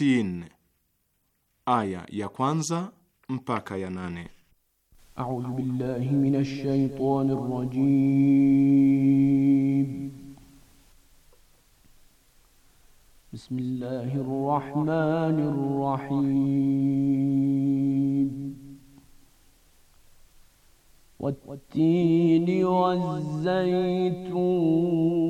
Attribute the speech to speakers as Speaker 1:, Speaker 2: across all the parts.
Speaker 1: sitini aya ya kwanza mpaka ya nane. A'udhu
Speaker 2: billahi minash shaitani rajim. Bismillahir rahmanir rahim. والتين والزيتون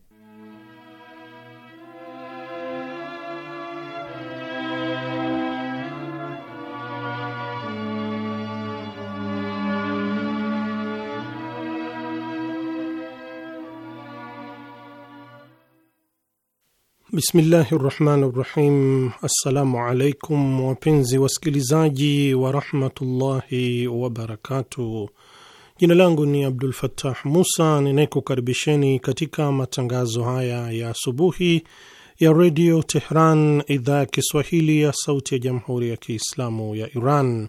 Speaker 3: Bismillahi rahmani rahim. Assalamu alaikum wapenzi wasikilizaji warahmatullahi wabarakatuh. Jina langu ni Abdul Fattah Musa ninayekukaribisheni katika matangazo haya ya asubuhi ya redio Tehran, idhaa ya Kiswahili ya sauti ya jamhuri ya Kiislamu ya Iran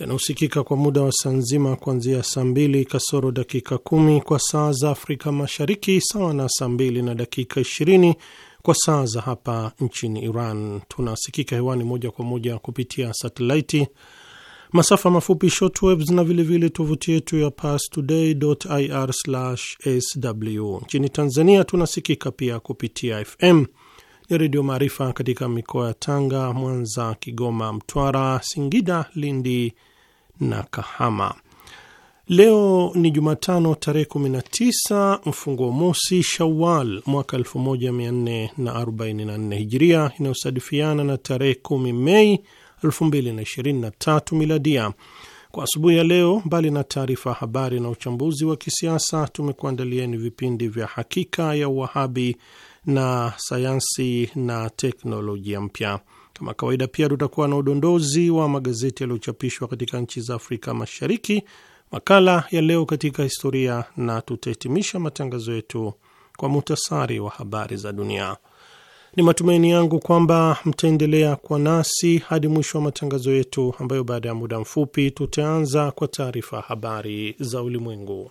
Speaker 3: yanayosikika kwa muda wa saa nzima kuanzia saa mbili kasoro dakika kumi kwa saa za Afrika Mashariki, sawa na saa mbili na dakika ishirini kwa saa za hapa nchini Iran. Tunasikika hewani moja kwa moja kupitia satelaiti, masafa mafupi shortwaves na vilevile tovuti yetu ya parstoday.ir/sw. Nchini Tanzania tunasikika pia kupitia FM ni Redio Maarifa katika mikoa ya Tanga, Mwanza, Kigoma, Mtwara, Singida, Lindi na Kahama. Leo ni Jumatano tarehe 19 mfungo mosi Shawal mwaka 1444 Hijiria, inayosadifiana na tarehe 10 Mei 2023 Miladia. Kwa asubuhi ya leo, mbali na taarifa habari na uchambuzi wa kisiasa, tumekuandalieni vipindi vya Hakika ya Uwahabi na Sayansi na Teknolojia Mpya. Kama kawaida, pia tutakuwa na udondozi wa magazeti yaliyochapishwa katika nchi za Afrika Mashariki makala ya leo katika historia, na tutahitimisha matangazo yetu kwa muhtasari wa habari za dunia. Ni matumaini yangu kwamba mtaendelea kwa nasi hadi mwisho wa matangazo yetu, ambayo baada ya muda mfupi tutaanza kwa taarifa ya habari za ulimwengu.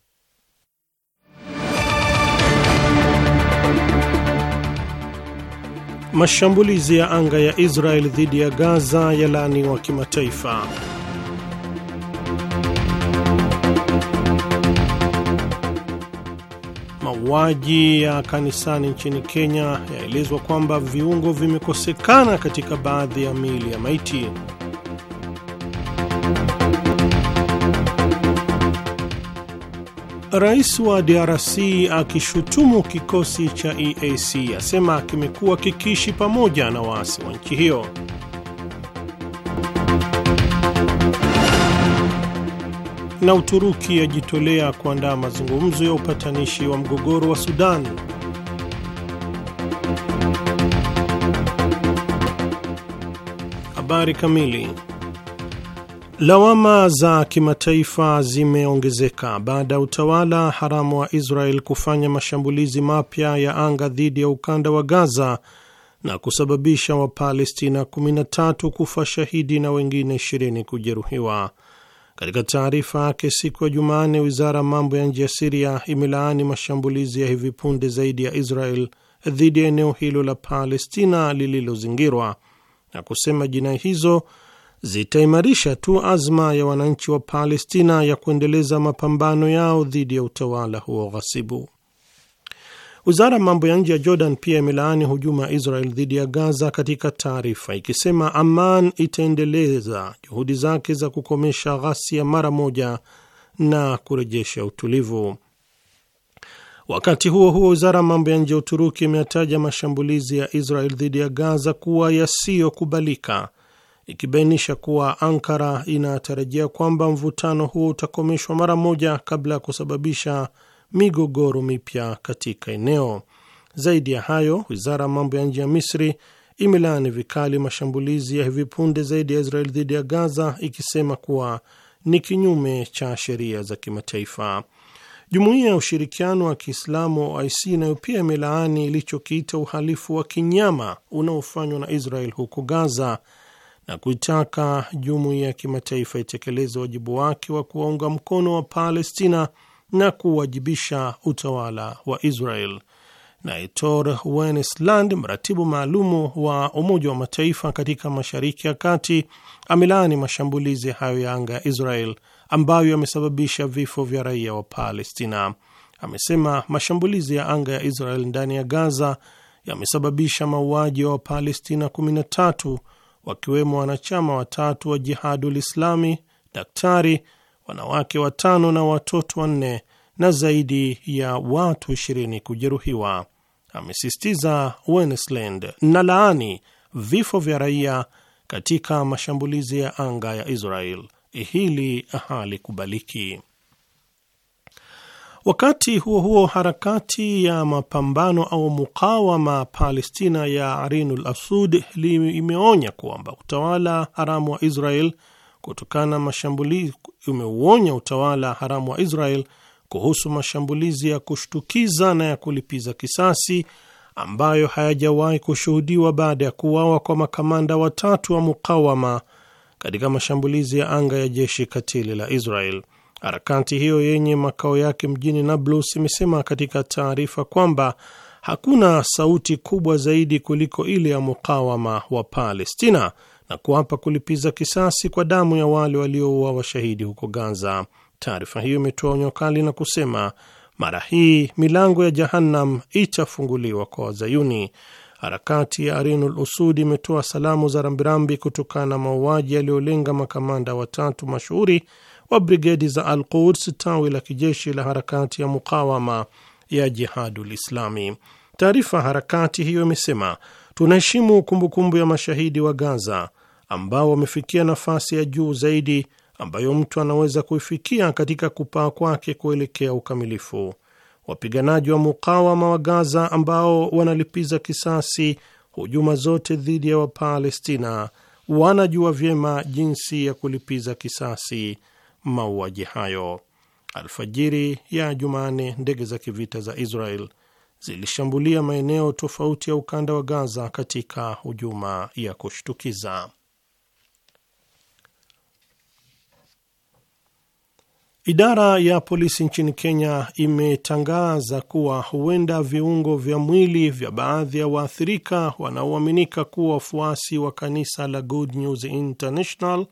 Speaker 3: Mashambulizi ya anga ya Israel dhidi ya Gaza yalaaniwa kimataifa. Mauaji ya kanisani nchini Kenya yaelezwa kwamba viungo vimekosekana katika baadhi ya miili ya maiti. Rais wa DRC akishutumu kikosi cha EAC asema kimekuwa kikiishi pamoja na waasi wa nchi hiyo. Na Uturuki yajitolea kuandaa mazungumzo ya upatanishi wa mgogoro wa Sudan. Habari kamili Lawama za kimataifa zimeongezeka baada ya utawala haramu wa Israel kufanya mashambulizi mapya ya anga dhidi ya ukanda wa Gaza na kusababisha Wapalestina 13 kufa shahidi na wengine 20 kujeruhiwa. Katika taarifa yake siku ya Jumanne, wizara ya mambo ya nje ya Siria imelaani mashambulizi ya hivi punde zaidi ya Israel dhidi ya eneo hilo la Palestina lililozingirwa na kusema jinai hizo zitaimarisha tu azma ya wananchi wa Palestina ya kuendeleza mapambano yao dhidi ya utawala huo ghasibu. Wizara ya mambo ya nje ya Jordan pia imelaani hujuma ya Israel dhidi ya Gaza katika taarifa ikisema, Aman itaendeleza juhudi zake za kukomesha ghasia mara moja na kurejesha utulivu. Wakati huo huo, wizara ya mambo ya nje ya Uturuki imeyataja mashambulizi ya Israel dhidi ya Gaza kuwa yasiyokubalika ikibainisha kuwa Ankara inatarajia kwamba mvutano huo utakomeshwa mara moja kabla ya kusababisha migogoro mipya katika eneo. Zaidi ya hayo, wizara ya mambo ya nje ya Misri imelaani vikali mashambulizi ya hivi punde zaidi ya Israel dhidi ya Gaza, ikisema kuwa ni kinyume cha sheria za kimataifa. Jumuiya ya Ushirikiano wa Kiislamu OIC nayo pia imelaani ilichokiita uhalifu wa kinyama unaofanywa na Israel huko Gaza na kuitaka jumuiya ya kimataifa itekeleze wajibu wake wa kuwaunga mkono wa Palestina na kuwajibisha utawala wa Israel. Naye Tor Wennesland, mratibu maalumu wa Umoja wa Mataifa katika Mashariki ya Kati, amelaani mashambulizi hayo ya anga ya Israel ambayo yamesababisha vifo vya raia wa Palestina. Amesema mashambulizi ya anga ya Israel ndani ya Gaza yamesababisha mauaji ya Wapalestina 13 wakiwemo wanachama watatu wa Jihadul Islami, daktari, wanawake watano na watoto wanne na zaidi ya watu ishirini kujeruhiwa, amesisitiza Wennesland na laani vifo vya raia katika mashambulizi ya anga ya Israel. Hili halikubaliki. Wakati huo huo, harakati ya mapambano au mukawama Palestina ya Arinul Asud imeonya kwamba utawala haramu wa Israel kutokana na mashambulizi umeuonya utawala haramu wa Israel kuhusu mashambulizi ya kushtukiza na ya kulipiza kisasi ambayo hayajawahi kushuhudiwa baada ya kuuawa kwa makamanda watatu wa mukawama katika mashambulizi ya anga ya jeshi katili la Israel. Harakati hiyo yenye makao yake mjini Nablus imesema katika taarifa kwamba hakuna sauti kubwa zaidi kuliko ile ya mukawama wa Palestina na kuapa kulipiza kisasi kwa damu ya wale walioua washahidi huko Gaza. Taarifa hiyo imetoa onyo kali na kusema mara hii milango ya Jahannam itafunguliwa kwa Wazayuni. Harakati ya Arinul Usud imetoa salamu za rambirambi kutokana na mauaji yaliyolenga makamanda watatu mashuhuri wa brigedi za Al Quds, tawi la kijeshi la harakati ya mukawama ya Jihadul Islami. Taarifa harakati hiyo imesema, tunaheshimu kumbukumbu ya mashahidi wa Gaza ambao wamefikia nafasi ya juu zaidi ambayo mtu anaweza kuifikia katika kupaa kwake kuelekea ukamilifu. Wapiganaji wa mukawama wa Gaza ambao wanalipiza kisasi hujuma zote dhidi ya Wapalestina wanajua vyema jinsi ya kulipiza kisasi mauaji hayo. Alfajiri ya Jumane, ndege za kivita za Israel zilishambulia maeneo tofauti ya ukanda wa Gaza katika hujuma ya kushtukiza. Idara ya polisi nchini Kenya imetangaza kuwa huenda viungo vya mwili vya baadhi ya waathirika wanaoaminika kuwa wafuasi wa kanisa la Good News International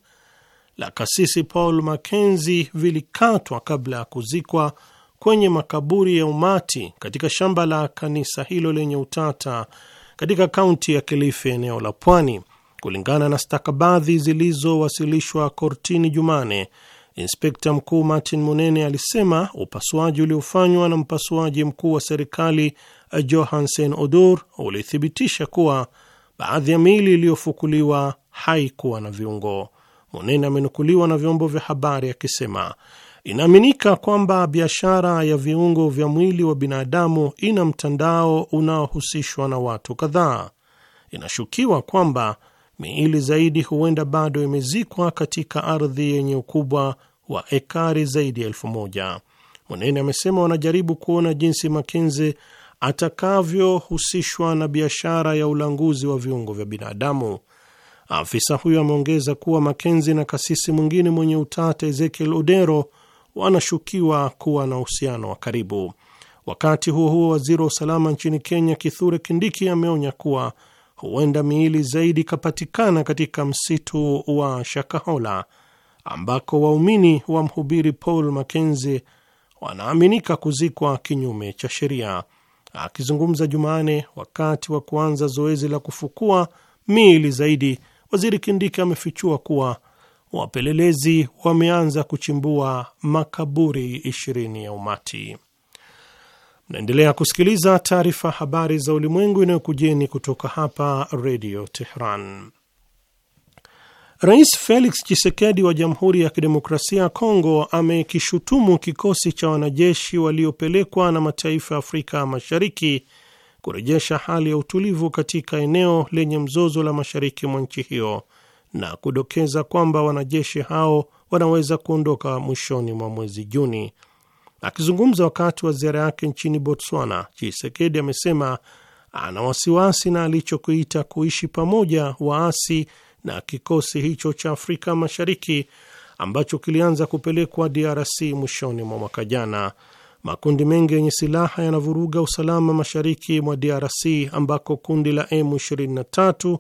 Speaker 3: la kasisi Paul makenzi vilikatwa kabla ya kuzikwa kwenye makaburi ya umati katika shamba la kanisa hilo lenye utata katika kaunti ya Kilifi, eneo la Pwani. Kulingana na stakabadhi zilizowasilishwa kortini Jumane, inspekta mkuu Martin Munene alisema upasuaji uliofanywa na mpasuaji mkuu wa serikali Johansen Odur ulithibitisha kuwa baadhi ya miili iliyofukuliwa haikuwa na viungo. Monene amenukuliwa na vyombo vya habari akisema inaaminika kwamba biashara ya viungo vya mwili wa binadamu ina mtandao unaohusishwa na watu kadhaa. Inashukiwa kwamba miili zaidi huenda bado imezikwa katika ardhi yenye ukubwa wa ekari zaidi ya elfu moja. Monene amesema wanajaribu kuona jinsi Makenzi atakavyohusishwa na biashara ya ulanguzi wa viungo vya binadamu. Afisa huyo ameongeza kuwa Makenzi na kasisi mwingine mwenye utata Ezekiel Odero wanashukiwa kuwa na uhusiano wa karibu. Wakati huo huo, waziri wa usalama nchini Kenya Kithure Kindiki ameonya kuwa huenda miili zaidi ikapatikana katika msitu wa Shakahola ambako waumini wa mhubiri Paul Makenzi wanaaminika kuzikwa kinyume cha sheria. Akizungumza Jumane wakati wa kuanza zoezi la kufukua miili zaidi, Waziri Kindiki amefichua kuwa wapelelezi wameanza kuchimbua makaburi ishirini ya umati. Mnaendelea kusikiliza taarifa habari za ulimwengu inayokujeni kutoka hapa redio Tehran. Rais Felix Tshisekedi wa Jamhuri ya Kidemokrasia ya Kongo amekishutumu kikosi cha wanajeshi waliopelekwa na mataifa ya Afrika Mashariki kurejesha hali ya utulivu katika eneo lenye mzozo la mashariki mwa nchi hiyo na kudokeza kwamba wanajeshi hao wanaweza kuondoka mwishoni mwa mwezi Juni. Akizungumza wakati wa ziara yake nchini Botswana, chisekedi amesema ana wasiwasi na alichokiita kuishi pamoja waasi na kikosi hicho cha Afrika Mashariki ambacho kilianza kupelekwa DRC mwishoni mwa mwaka jana. Makundi mengi yenye silaha yanavuruga usalama mashariki mwa DRC ambako kundi la M23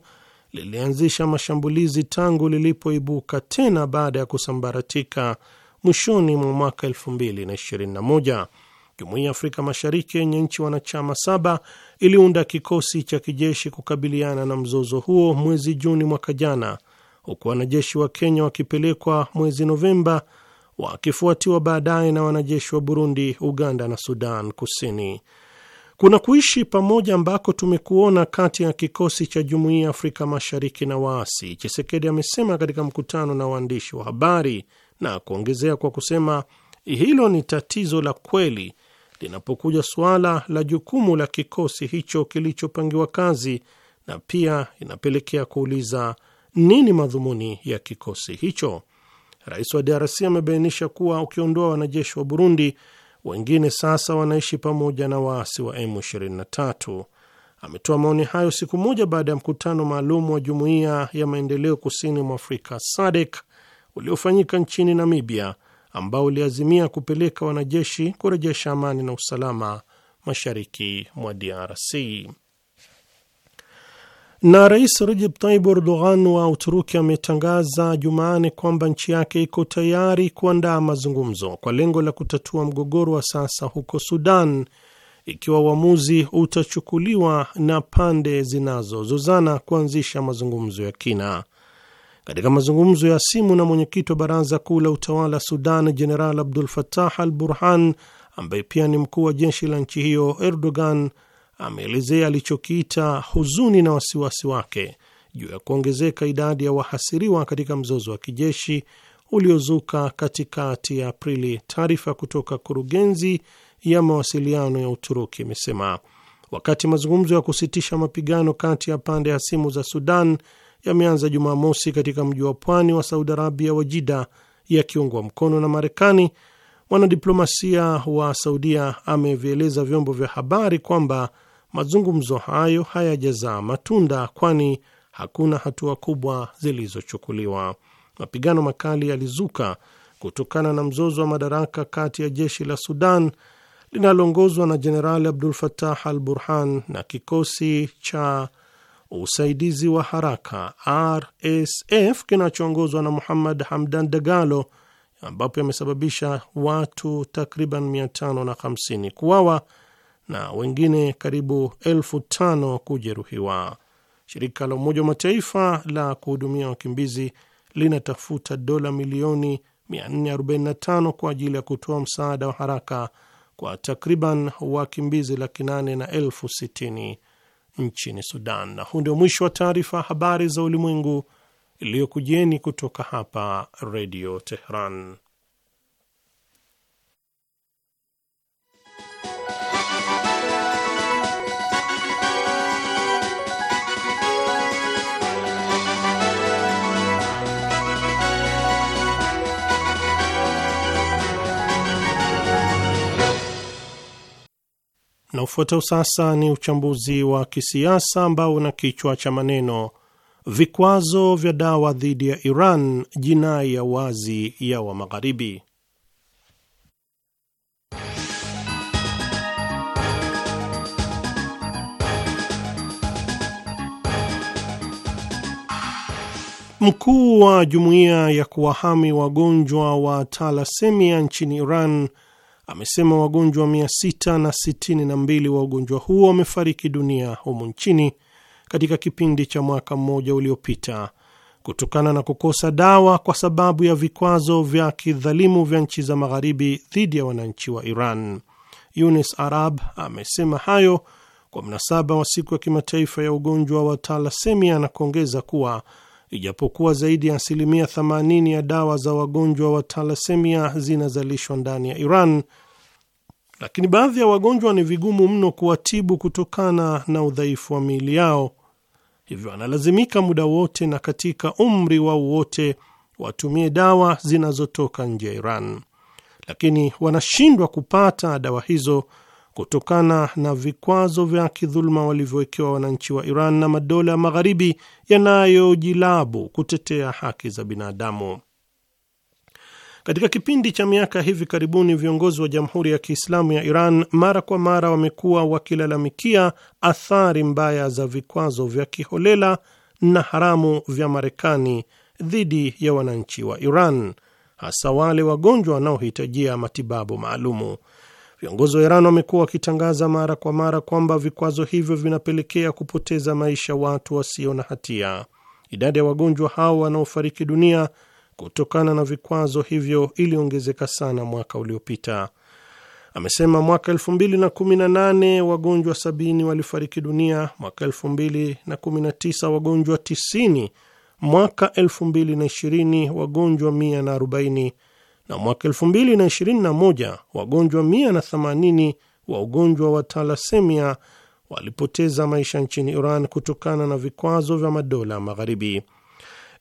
Speaker 3: lilianzisha mashambulizi tangu lilipoibuka tena baada ya kusambaratika mwishoni mwa mwaka 2021. Jumuiya ya Afrika Mashariki yenye nchi wanachama saba iliunda kikosi cha kijeshi kukabiliana na mzozo huo mwezi Juni mwaka jana, huku wanajeshi wa Kenya wakipelekwa mwezi Novemba wakifuatiwa baadaye na wanajeshi wa Burundi, Uganda na Sudan Kusini. Kuna kuishi pamoja ambako tumekuona kati ya kikosi cha Jumuiya Afrika Mashariki na waasi, Chisekedi amesema katika mkutano na waandishi wa habari, na kuongezea kwa kusema hilo ni tatizo la kweli linapokuja suala la jukumu la kikosi hicho kilichopangiwa kazi, na pia inapelekea kuuliza nini madhumuni ya kikosi hicho. Rais wa DRC amebainisha kuwa ukiondoa wanajeshi wa Burundi, wengine sasa wanaishi pamoja na waasi wa M23. Ametoa maoni hayo siku moja baada ya mkutano maalum wa Jumuiya ya Maendeleo Kusini mwa Afrika SADC uliofanyika nchini Namibia, ambao uliazimia kupeleka wanajeshi kurejesha amani na usalama mashariki mwa DRC. Na Rais Recep Tayyip Erdogan wa Uturuki ametangaza Jumanne kwamba nchi yake iko tayari kuandaa mazungumzo kwa lengo la kutatua mgogoro wa sasa huko Sudan ikiwa uamuzi utachukuliwa na pande zinazozozana kuanzisha mazungumzo ya kina. Katika mazungumzo ya simu na mwenyekiti wa baraza kuu la utawala Sudan, Jeneral Abdul fatah al Burhan, ambaye pia ni mkuu wa jeshi la nchi hiyo, Erdogan ameelezea alichokiita huzuni na wasiwasi wake juu ya kuongezeka idadi ya wahasiriwa katika mzozo wa kijeshi uliozuka katikati ya Aprili. Taarifa kutoka kurugenzi ya mawasiliano ya Uturuki imesema wakati mazungumzo ya kusitisha mapigano kati ya pande hasimu za Sudan yameanza Jumamosi katika mji wa pwani wa Saudi Arabia wa Jida, yakiungwa mkono na Marekani, mwanadiplomasia wa Saudia amevieleza vyombo vya habari kwamba mazungumzo hayo hayajazaa matunda, kwani hakuna hatua kubwa zilizochukuliwa. Mapigano makali yalizuka kutokana na mzozo wa madaraka kati ya jeshi la Sudan linaloongozwa na Jenerali Abdul fatah al Burhan na kikosi cha usaidizi wa haraka RSF kinachoongozwa na Muhammad Hamdan Dagalo, ambapo yamesababisha watu takriban 550 kuwawa na wengine karibu elfu tano kujeruhiwa. Shirika la Umoja wa Mataifa la kuhudumia wakimbizi linatafuta dola milioni 445 kwa ajili ya kutoa msaada wa haraka kwa takriban wakimbizi laki nane na elfu sitini nchini Sudan. Na huu ndio mwisho wa taarifa ya habari za ulimwengu iliyokujieni kutoka hapa Redio Tehran. Na ufuatao sasa ni uchambuzi wa kisiasa ambao una kichwa cha maneno vikwazo vya dawa dhidi ya Iran, jinai ya wazi ya wa Magharibi. Mkuu wa jumuiya ya kuwahami wagonjwa wa talasemia nchini Iran amesema wagonjwa 662 wa ugonjwa huo wamefariki dunia humu nchini katika kipindi cha mwaka mmoja uliopita kutokana na kukosa dawa kwa sababu ya vikwazo vya kidhalimu vya nchi za magharibi dhidi ya wananchi wa Iran. Yunis Arab amesema hayo kwa mnasaba wa siku ya kimataifa ya ugonjwa wa talasemia na kuongeza kuwa Ijapokuwa zaidi ya asilimia 80 ya dawa za wagonjwa wa talasemia zinazalishwa ndani ya Iran, lakini baadhi ya wagonjwa ni vigumu mno kuwatibu kutokana na udhaifu wa miili yao, hivyo analazimika muda wote na katika umri wao wote watumie dawa zinazotoka nje ya Iran, lakini wanashindwa kupata dawa hizo kutokana na vikwazo vya kidhuluma walivyowekewa wananchi wa Iran na madola ya magharibi yanayojilabu kutetea haki za binadamu. Katika kipindi cha miaka hivi karibuni, viongozi wa Jamhuri ya Kiislamu ya Iran mara kwa mara wamekuwa wakilalamikia athari mbaya za vikwazo vya kiholela na haramu vya Marekani dhidi ya wananchi wa Iran, hasa wale wagonjwa wanaohitajia matibabu maalumu. Viongozi wa Iran wamekuwa wakitangaza mara kwa mara kwamba vikwazo hivyo vinapelekea kupoteza maisha watu wasio na hatia. Idadi ya wagonjwa hao wanaofariki dunia kutokana na vikwazo hivyo iliongezeka sana mwaka uliopita. Amesema mwaka 2018 wagonjwa 70 walifariki dunia, mwaka 2019 wagonjwa 90, mwaka 2020 wagonjwa 140 na mwaka 2021 wagonjwa 180 wa ugonjwa wa talasemia walipoteza maisha nchini Iran kutokana na vikwazo vya madola magharibi.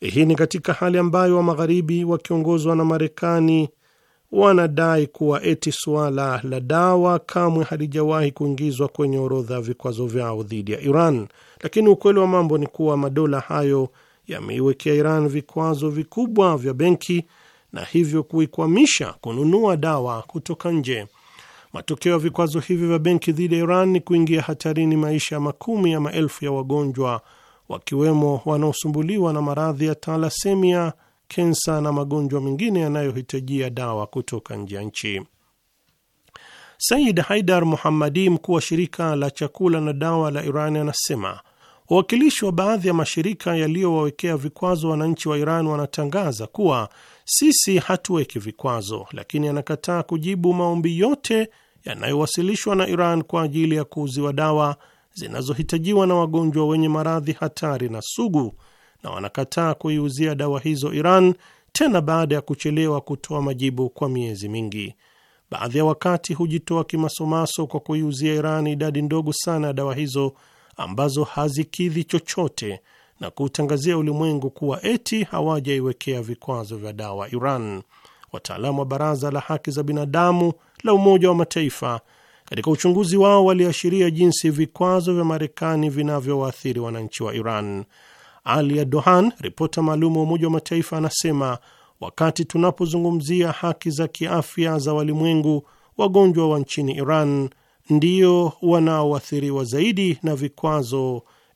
Speaker 3: Hii ni katika hali ambayo wa magharibi wakiongozwa na Marekani wanadai kuwa eti suala la dawa kamwe halijawahi kuingizwa kwenye orodha ya vikwazo vyao dhidi ya Iran, lakini ukweli wa mambo ni kuwa madola hayo yameiwekea Iran vikwazo vikubwa vya benki na hivyo kuikwamisha kununua dawa kutoka nje. Matokeo ya vikwazo hivyo vya benki dhidi ya Iran ni kuingia hatarini maisha ya makumi ya maelfu ya wagonjwa, wakiwemo wanaosumbuliwa na maradhi ya talasemia, kensa na magonjwa mengine yanayohitajia dawa kutoka nje ya nchi. Said Haidar Muhammadi, mkuu wa shirika la chakula na dawa la Iran, anasema wawakilishi wa baadhi ya mashirika yaliyowawekea vikwazo wananchi wa Iran wanatangaza kuwa sisi hatuweki vikwazo, lakini anakataa kujibu maombi yote yanayowasilishwa na Iran kwa ajili ya kuuziwa dawa zinazohitajiwa na wagonjwa wenye maradhi hatari na sugu, na wanakataa kuiuzia dawa hizo Iran tena baada ya kuchelewa kutoa majibu kwa miezi mingi. Baadhi ya wakati hujitoa kimasomaso kwa kuiuzia Iran idadi ndogo sana ya dawa hizo ambazo hazikidhi chochote na kuutangazia ulimwengu kuwa eti hawajaiwekea vikwazo vya dawa Iran. Wataalamu wa Baraza la Haki za Binadamu la Umoja wa Mataifa katika uchunguzi wao waliashiria jinsi vikwazo vya Marekani vinavyowaathiri wananchi wa Iran. Ali Adohan, ripota maalum wa Umoja wa Mataifa, anasema wakati tunapozungumzia haki za kiafya za walimwengu, wagonjwa wa nchini Iran ndio wanaoathiriwa zaidi na vikwazo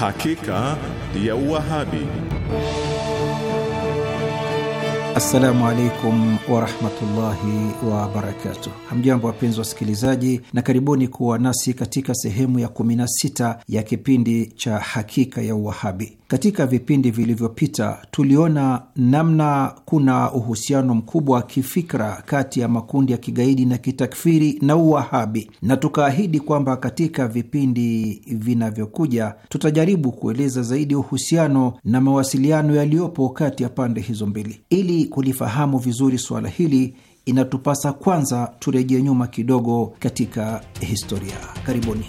Speaker 4: hakika ya Wahabi.
Speaker 5: Assalamu alaikum warahmatullahi wabarakatuh. Hamjambo wapenzi wasikilizaji, na karibuni kuwa nasi katika sehemu ya 16 ya kipindi cha Hakika ya Uwahabi. Katika vipindi vilivyopita, tuliona namna kuna uhusiano mkubwa wa kifikra kati ya makundi ya kigaidi na kitakfiri na Uwahabi, na tukaahidi kwamba katika vipindi vinavyokuja tutajaribu kueleza zaidi uhusiano na mawasiliano yaliyopo kati ya pande hizo mbili ili kulifahamu vizuri suala hili, inatupasa kwanza turejee nyuma kidogo katika historia. Karibuni.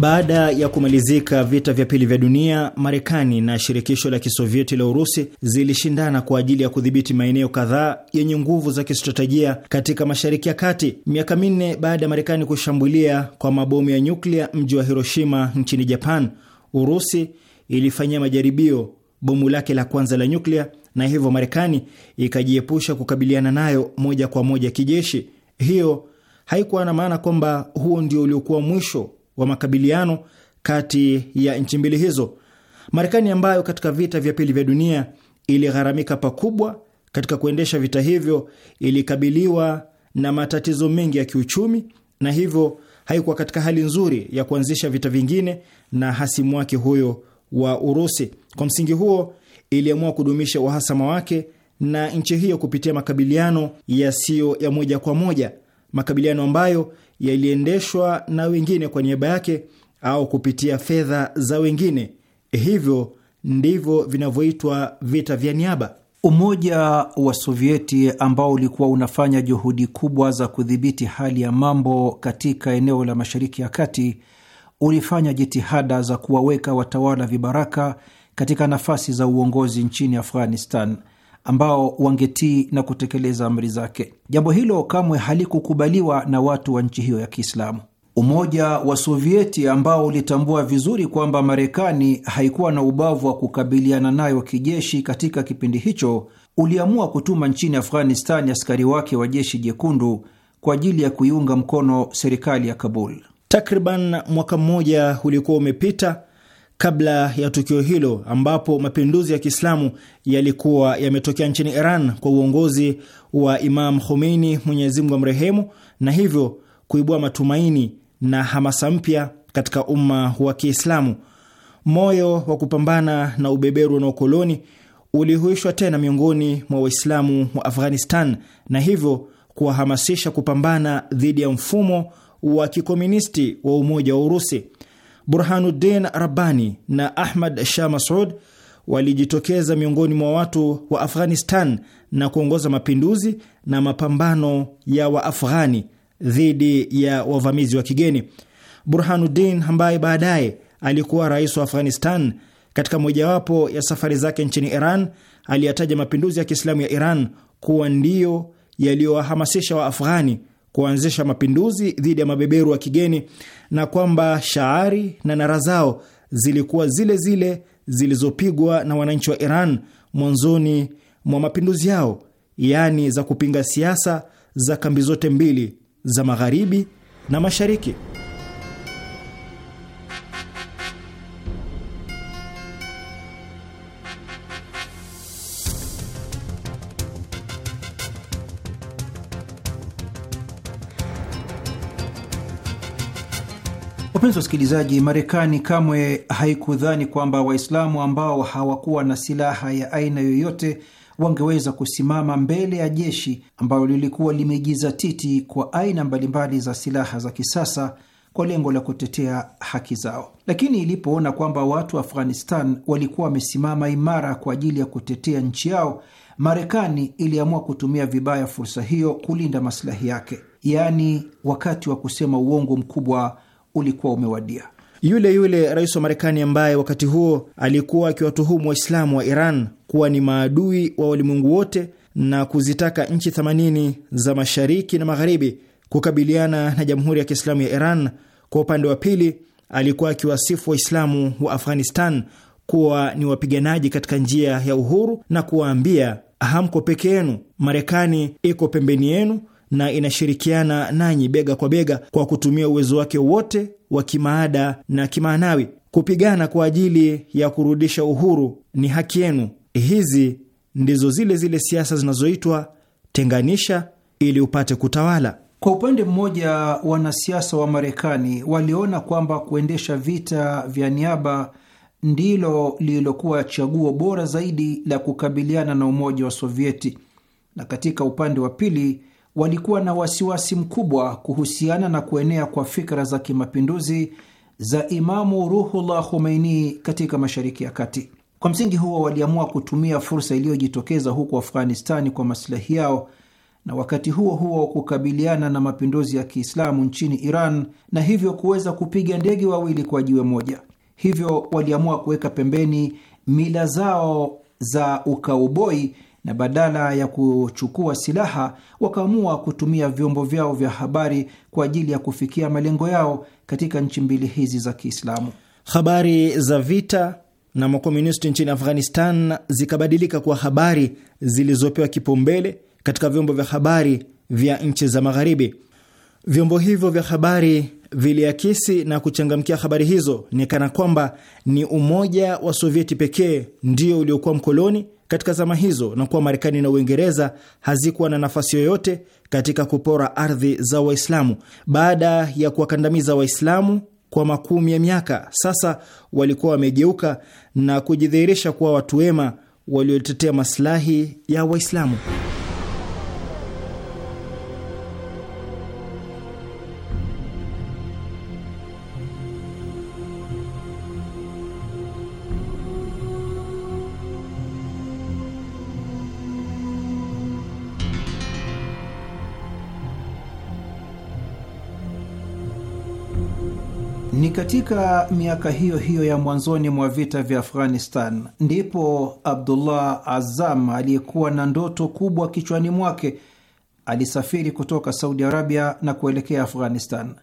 Speaker 4: Baada ya kumalizika vita vya pili vya dunia, Marekani na shirikisho la Kisovieti la Urusi zilishindana kwa ajili ya kudhibiti maeneo kadhaa yenye nguvu za kistratejia katika Mashariki ya Kati. Miaka minne baada ya Marekani kushambulia kwa mabomu ya nyuklia mji wa Hiroshima nchini Japan, Urusi ilifanyia majaribio bomu lake la kwanza la nyuklia na hivyo Marekani ikajiepusha kukabiliana nayo moja kwa moja kijeshi. Hiyo haikuwa na maana kwamba huo ndio uliokuwa mwisho wa makabiliano kati ya nchi mbili hizo. Marekani ambayo katika vita vya pili vya dunia iligharamika pakubwa katika kuendesha vita hivyo, ilikabiliwa na matatizo mengi ya kiuchumi na hivyo haikuwa katika hali nzuri ya kuanzisha vita vingine na hasimu wake huyo wa Urusi. Kwa msingi huo, iliamua kudumisha uhasama wake na nchi hiyo kupitia makabiliano yasiyo ya moja kwa moja, makabiliano ambayo yaliendeshwa na wengine kwa niaba yake au kupitia fedha za wengine. Hivyo ndivyo vinavyoitwa vita vya niaba.
Speaker 5: Umoja wa Sovieti ambao ulikuwa unafanya juhudi kubwa za kudhibiti hali ya mambo katika eneo la Mashariki ya Kati ulifanya jitihada za kuwaweka watawala vibaraka katika nafasi za uongozi nchini Afghanistan ambao wangetii na kutekeleza amri zake. Jambo hilo kamwe halikukubaliwa na watu wa nchi hiyo ya Kiislamu. Umoja wa Sovieti ambao ulitambua vizuri kwamba Marekani haikuwa na ubavu wa kukabiliana nayo kijeshi katika kipindi hicho, uliamua kutuma nchini Afghanistani askari wake wa jeshi jekundu kwa ajili ya kuiunga mkono serikali ya Kabul. Takriban mwaka mmoja ulikuwa umepita
Speaker 4: kabla ya tukio hilo, ambapo mapinduzi ya Kiislamu yalikuwa yametokea nchini Iran kwa uongozi wa Imam Khomeini, Mwenyezi Mungu amrehemu, na hivyo kuibua matumaini na hamasa mpya katika umma wa Kiislamu. Moyo wa kupambana na ubeberu na ukoloni ulihuishwa tena miongoni mwa Waislamu wa Afghanistan na hivyo kuwahamasisha kupambana dhidi ya mfumo wa kikomunisti wa Umoja wa Urusi. Burhanuddin Rabbani na Ahmad Shah Masud walijitokeza miongoni mwa watu wa Afghanistan na kuongoza mapinduzi na mapambano ya Waafghani dhidi ya wavamizi wa kigeni. Burhanuddin ambaye baadaye alikuwa rais wa Afghanistan, katika mojawapo ya safari zake nchini Iran aliyataja mapinduzi ya Kiislamu ya Iran kuwa ndiyo yaliyowahamasisha Waafghani kuanzisha mapinduzi dhidi ya mabeberu wa kigeni na kwamba shaari na nara zao zilikuwa zile zile zilizopigwa na wananchi wa Iran mwanzoni mwa mapinduzi yao, yaani za kupinga siasa za kambi zote mbili za magharibi na mashariki.
Speaker 5: Wapenzi wasikilizaji, Marekani kamwe haikudhani kwamba Waislamu ambao hawakuwa na silaha ya aina yoyote wangeweza kusimama mbele ya jeshi ambalo lilikuwa limejizatiti kwa aina mbalimbali za silaha za kisasa kwa lengo la kutetea haki zao. Lakini ilipoona kwamba watu wa Afghanistan walikuwa wamesimama imara kwa ajili ya kutetea nchi yao, Marekani iliamua kutumia vibaya fursa hiyo kulinda masilahi yake, yaani wakati wa kusema uongo mkubwa ulikuwa umewadia. Yule yule rais wa
Speaker 4: Marekani ambaye wakati huo alikuwa akiwatuhumu Waislamu wa Iran kuwa ni maadui wa walimwengu wote na kuzitaka nchi 80 za mashariki na magharibi kukabiliana na Jamhuri ya Kiislamu ya Iran, kwa upande wa pili alikuwa akiwasifu Waislamu wa Afghanistan kuwa ni wapiganaji katika njia ya uhuru na kuwaambia hamko peke yenu, Marekani iko pembeni yenu na inashirikiana nanyi bega kwa bega kwa kutumia uwezo wake wote wa kimaada na kimaanawi kupigana kwa ajili ya kurudisha uhuru. Ni haki yenu. Hizi ndizo
Speaker 5: zile zile siasa zinazoitwa tenganisha ili upate kutawala. Kwa upande mmoja, wanasiasa wa Marekani waliona kwamba kuendesha vita vya niaba ndilo lililokuwa chaguo bora zaidi la kukabiliana na Umoja wa Sovieti, na katika upande wa pili walikuwa na wasiwasi mkubwa kuhusiana na kuenea kwa fikra za kimapinduzi za Imamu Ruhullah Khomeini katika Mashariki ya Kati. Kwa msingi huo, waliamua kutumia fursa iliyojitokeza huko Afghanistani kwa masilahi yao na wakati huo huo kukabiliana na mapinduzi ya Kiislamu nchini Iran na hivyo kuweza kupiga ndege wawili kwa jiwe moja. Hivyo waliamua kuweka pembeni mila zao za ukauboi na badala ya kuchukua silaha wakaamua kutumia vyombo vyao vya habari kwa ajili ya kufikia malengo yao katika nchi mbili hizi za Kiislamu. Habari
Speaker 4: za vita na makomunisti nchini Afghanistan zikabadilika kwa habari zilizopewa kipaumbele katika vyombo vya habari vya nchi za Magharibi. Vyombo hivyo vya habari viliakisi na kuchangamkia habari hizo ni kana kwamba ni Umoja wa Sovieti pekee ndio uliokuwa mkoloni katika zama hizo na kuwa Marekani na Uingereza hazikuwa na nafasi yoyote katika kupora ardhi za Waislamu. Baada ya kuwakandamiza Waislamu kwa makumi ya miaka, sasa walikuwa wamegeuka na kujidhihirisha kuwa watu wema waliotetea masilahi ya Waislamu.
Speaker 5: katika miaka hiyo hiyo ya mwanzoni mwa vita vya Afghanistan ndipo Abdullah Azam aliyekuwa na ndoto kubwa kichwani mwake alisafiri kutoka Saudi Arabia na kuelekea Afghanistan.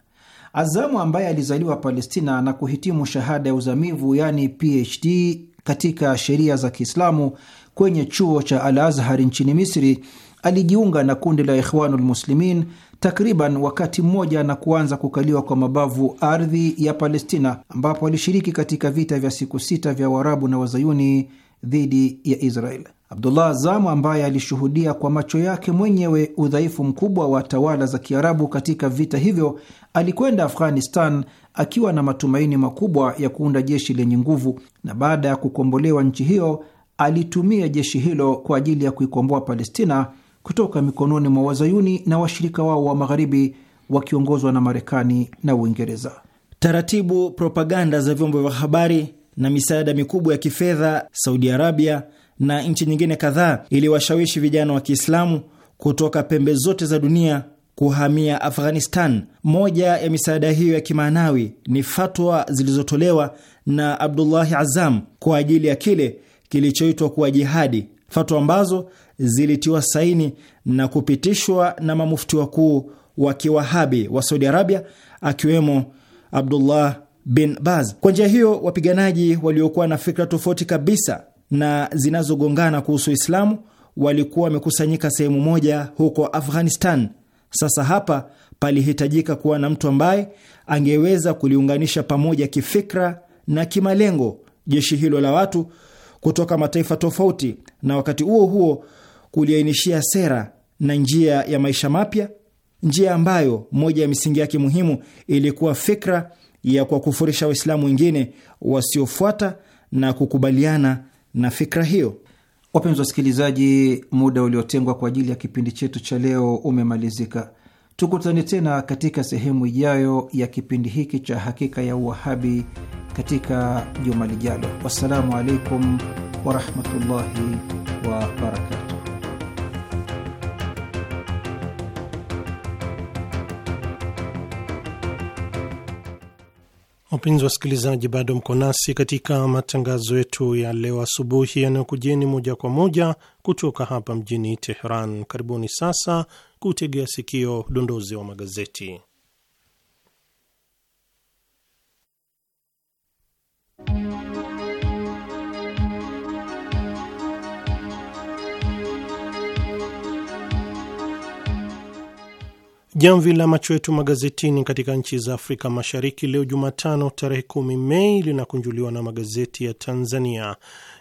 Speaker 5: Azamu ambaye alizaliwa Palestina na kuhitimu shahada ya uzamivu yaani PhD katika sheria za Kiislamu kwenye chuo cha Al Azhar nchini Misri alijiunga na kundi la Ikhwanul Muslimin takriban wakati mmoja na kuanza kukaliwa kwa mabavu ardhi ya Palestina, ambapo alishiriki katika vita vya siku sita vya Waarabu na Wazayuni dhidi ya Israel. Abdullah azamu ambaye alishuhudia kwa macho yake mwenyewe udhaifu mkubwa wa tawala za Kiarabu katika vita hivyo, alikwenda Afghanistan akiwa na matumaini makubwa ya kuunda jeshi lenye nguvu, na baada ya kukombolewa nchi hiyo alitumia jeshi hilo kwa ajili ya kuikomboa Palestina kutoka mikononi mwa wazayuni na washirika wao wa magharibi wakiongozwa na Marekani na Uingereza. Taratibu propaganda za vyombo vya habari
Speaker 4: na misaada mikubwa ya kifedha Saudi Arabia na nchi nyingine kadhaa iliwashawishi vijana wa Kiislamu kutoka pembe zote za dunia kuhamia Afghanistan. Moja ya misaada hiyo ya kimaanawi ni fatwa zilizotolewa na Abdullahi Azam kwa ajili ya kile kilichoitwa kuwa jihadi, fatwa ambazo zilitiwa saini na kupitishwa na mamufti wakuu wa kiwahabi wa Saudi Arabia, akiwemo Abdullah bin Baz. Kwa njia hiyo, wapiganaji waliokuwa na fikra tofauti kabisa na zinazogongana kuhusu Uislamu walikuwa wamekusanyika sehemu moja huko Afghanistan. Sasa hapa palihitajika kuwa na mtu ambaye angeweza kuliunganisha pamoja kifikra na kimalengo jeshi hilo la watu kutoka mataifa tofauti, na wakati huo huo kuliainishia sera na njia ya maisha mapya, njia ambayo moja ya misingi yake muhimu ilikuwa fikra ya kuwakufurisha Waislamu wengine
Speaker 5: wasiofuata na kukubaliana na fikra hiyo. Wapenzi wasikilizaji, muda uliotengwa kwa ajili ya kipindi chetu cha leo umemalizika. Tukutane tena katika sehemu ijayo ya kipindi hiki cha Hakika ya Uwahabi katika juma lijalo. Wassalamu alaikum warahmatullahi wabarakatu.
Speaker 3: Wapenzi wasikilizaji, bado mko nasi katika matangazo yetu ya leo asubuhi yanayokujeni moja kwa moja kutoka hapa mjini Teheran. Karibuni sasa kutegea sikio udondozi wa magazeti. Jamvi la macho yetu magazetini katika nchi za Afrika Mashariki leo Jumatano tarehe kumi Mei linakunjuliwa na magazeti ya Tanzania,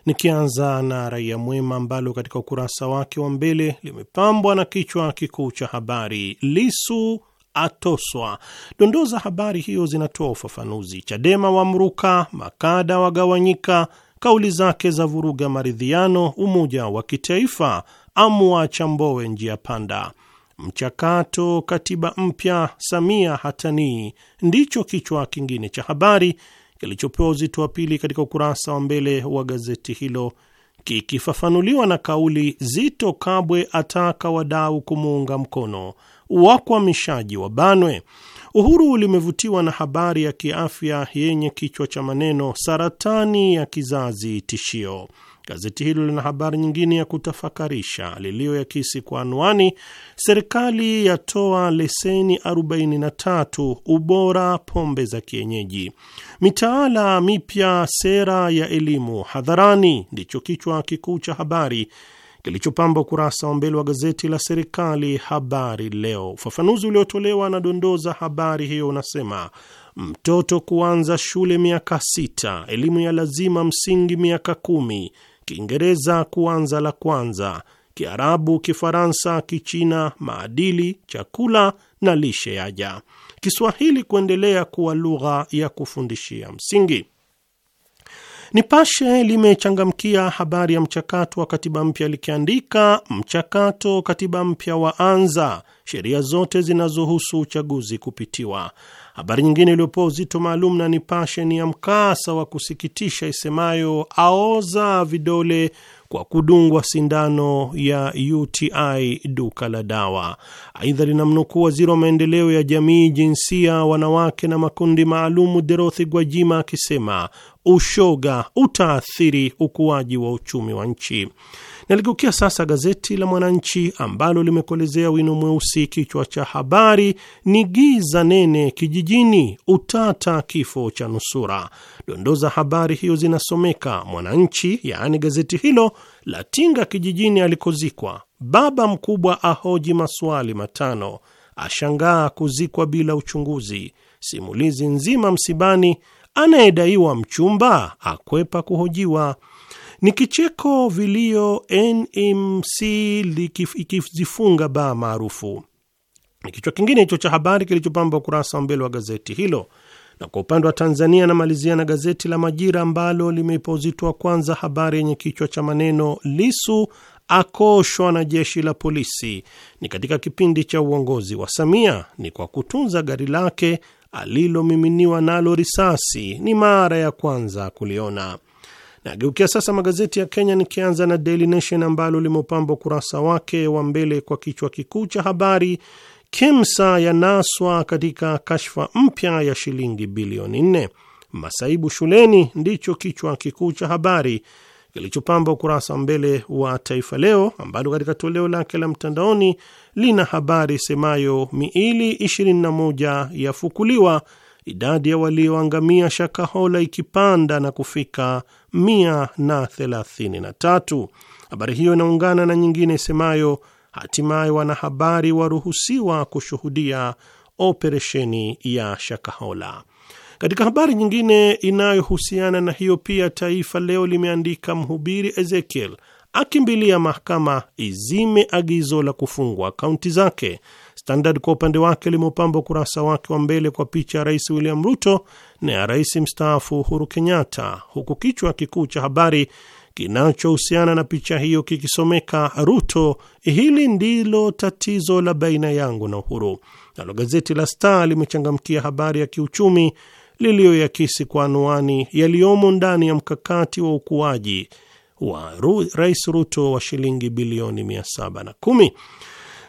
Speaker 3: nikianza na Raia Mwema ambalo katika ukurasa wake wa mbele limepambwa na kichwa kikuu cha habari Lisu atoswa. Dondoo za habari hiyo zinatoa ufafanuzi: Chadema wamruka, makada wagawanyika, kauli zake za vuruga maridhiano, umoja wa kitaifa amwacha Mbowe njia panda Mchakato katiba mpya Samia hatanii, ndicho kichwa kingine cha habari kilichopewa uzito wa pili katika ukurasa wa mbele wa gazeti hilo, kikifafanuliwa na kauli Zito Kabwe ataka wadau kumuunga mkono, wakwamishaji wa banwe. Uhuru limevutiwa na habari ya kiafya yenye kichwa cha maneno saratani ya kizazi tishio. Gazeti hilo lina habari nyingine ya kutafakarisha liliyoyakisi kwa anwani, serikali yatoa leseni 43 ubora pombe za kienyeji, mitaala mipya sera ya elimu hadharani, ndicho kichwa kikuu cha habari kilichopamba ukurasa wa mbele wa gazeti la serikali Habari Leo. Ufafanuzi uliotolewa na dondoo za habari hiyo unasema mtoto kuanza shule miaka sita, elimu ya lazima msingi miaka kumi Kiingereza kuanza la kwanza, Kiarabu, Kifaransa, Kichina, maadili, chakula na lishe yaja, Kiswahili kuendelea kuwa lugha ya kufundishia msingi. Nipashe limechangamkia habari ya mchakato wa katiba mpya likiandika, mchakato katiba mpya waanza, sheria zote zinazohusu uchaguzi kupitiwa. Habari nyingine iliyopewa uzito maalum na Nipashe ni ya mkasa wa kusikitisha isemayo aoza vidole kwa kudungwa sindano ya UTI duka la dawa. Aidha, linamnukuu waziri wa maendeleo ya jamii, jinsia, wanawake na makundi maalumu Dorothy Gwajima akisema ushoga utaathiri ukuaji wa uchumi wa nchi. Naligeukia sasa gazeti la Mwananchi ambalo limekolezea wino mweusi, kichwa cha habari ni giza nene kijijini, utata kifo cha nusura. Dondoo za habari hiyo zinasomeka: Mwananchi, yaani gazeti hilo, latinga kijijini alikozikwa baba mkubwa, ahoji maswali matano, ashangaa kuzikwa bila uchunguzi, simulizi nzima msibani, anayedaiwa mchumba akwepa kuhojiwa ni kicheko, vilio, NMC ikizifunga baa maarufu. Ni kichwa kingine hicho cha habari kilichopamba ukurasa wa mbele wa gazeti hilo. Na kwa upande wa Tanzania namalizia na gazeti la Majira ambalo limepozitwa kwanza habari yenye kichwa cha maneno Lisu akoshwa na jeshi la polisi, ni katika kipindi cha uongozi wa Samia, ni kwa kutunza gari lake alilomiminiwa nalo risasi, ni mara ya kwanza kuliona. Nageukia sasa magazeti ya Kenya, nikianza na Daily Nation ambalo limeupamba ukurasa wake wa mbele kwa kichwa kikuu cha habari, KEMSA yanaswa katika kashfa mpya ya shilingi bilioni nne. Masaibu shuleni ndicho kichwa kikuu cha habari kilichopamba ukurasa mbele wa Taifa Leo ambalo katika toleo lake la mtandaoni lina habari semayo miili 21 yafukuliwa, idadi ya walioangamia Shakahola ikipanda na kufika 133. Habari hiyo inaungana na nyingine isemayo, hatimaye wanahabari waruhusiwa kushuhudia operesheni ya Shakahola. Katika habari nyingine inayohusiana na hiyo pia, Taifa Leo limeandika mhubiri Ezekiel akimbilia mahakama izime agizo la kufungwa akaunti zake. Standard kwa upande wake limeupamba ukurasa wake wa mbele kwa picha ya Rais William Ruto ya rais mstaafu Uhuru Kenyatta, huku kichwa kikuu cha habari kinachohusiana na picha hiyo kikisomeka Ruto, hili ndilo tatizo la baina yangu na Uhuru. Nalo gazeti la Star limechangamkia habari ya kiuchumi liliyoyakisi kwa anwani yaliyomo ndani ya mkakati wa ukuaji wa Rais Ruto wa shilingi bilioni 710.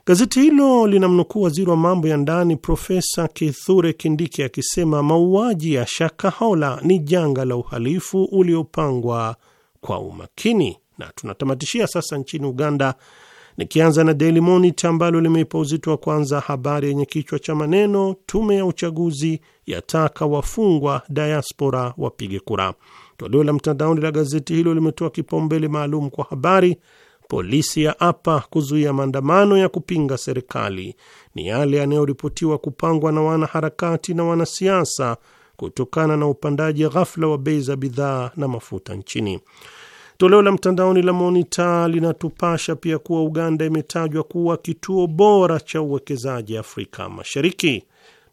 Speaker 3: Gazeti hilo linamnukuu waziri wa mambo ya ndani Profesa Kithure Kindiki akisema mauaji ya Shakahola ni janga la uhalifu uliopangwa kwa umakini. Na tunatamatishia sasa nchini Uganda, nikianza na Daily Monitor ambalo limeipa uzito wa kwanza habari yenye kichwa cha maneno tume ya uchaguzi yataka wafungwa diaspora wapige kura. Toleo la mtandaoni la gazeti hilo limetoa kipaumbele maalum kwa habari Polisi ya apa kuzuia maandamano ya kupinga serikali ni yale yanayoripotiwa kupangwa na wanaharakati na wanasiasa kutokana na upandaji ghafla wa bei za bidhaa na mafuta nchini. Toleo la mtandaoni la Monita linatupasha pia kuwa Uganda imetajwa kuwa kituo bora cha uwekezaji Afrika Mashariki.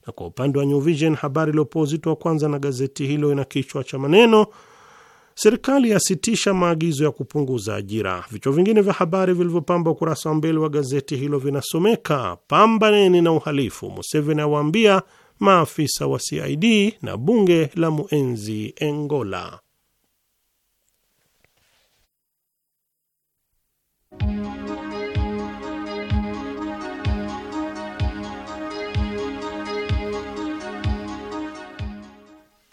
Speaker 3: Na kwa upande wa New Vision, habari iliyopewa uzito wa kwanza na gazeti hilo ina kichwa cha maneno Serikali yasitisha maagizo ya kupunguza ajira. Vichwa vingine vya habari vilivyopamba ukurasa wa mbele wa gazeti hilo vinasomeka: pambaneni na uhalifu, Museveni awaambia maafisa wa CID, na bunge la muenzi Engola.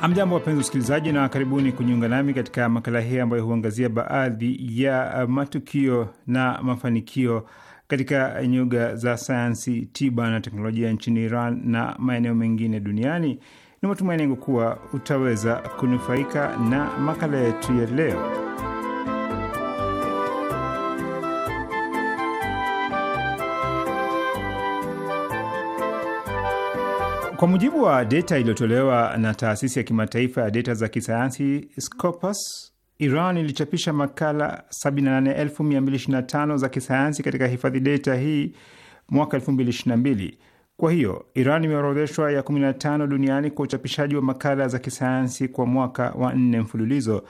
Speaker 1: Hamjambo, wapenzi usikilizaji na karibuni kujiunga nami katika makala hii ambayo huangazia baadhi ya matukio na mafanikio katika nyuga za sayansi, tiba na teknolojia nchini Iran na maeneo mengine duniani. Ni matumaini yangu kuwa utaweza kunufaika na makala yetu ya leo. Kwa mujibu wa data iliyotolewa na taasisi ya kimataifa ya data za kisayansi Scopus, Iran ilichapisha makala 78225 za kisayansi katika hifadhi data hii mwaka 2022. Kwa hiyo Iran imeorodheshwa ya 15 duniani kwa uchapishaji wa makala za kisayansi kwa mwaka wa nne mfululizo.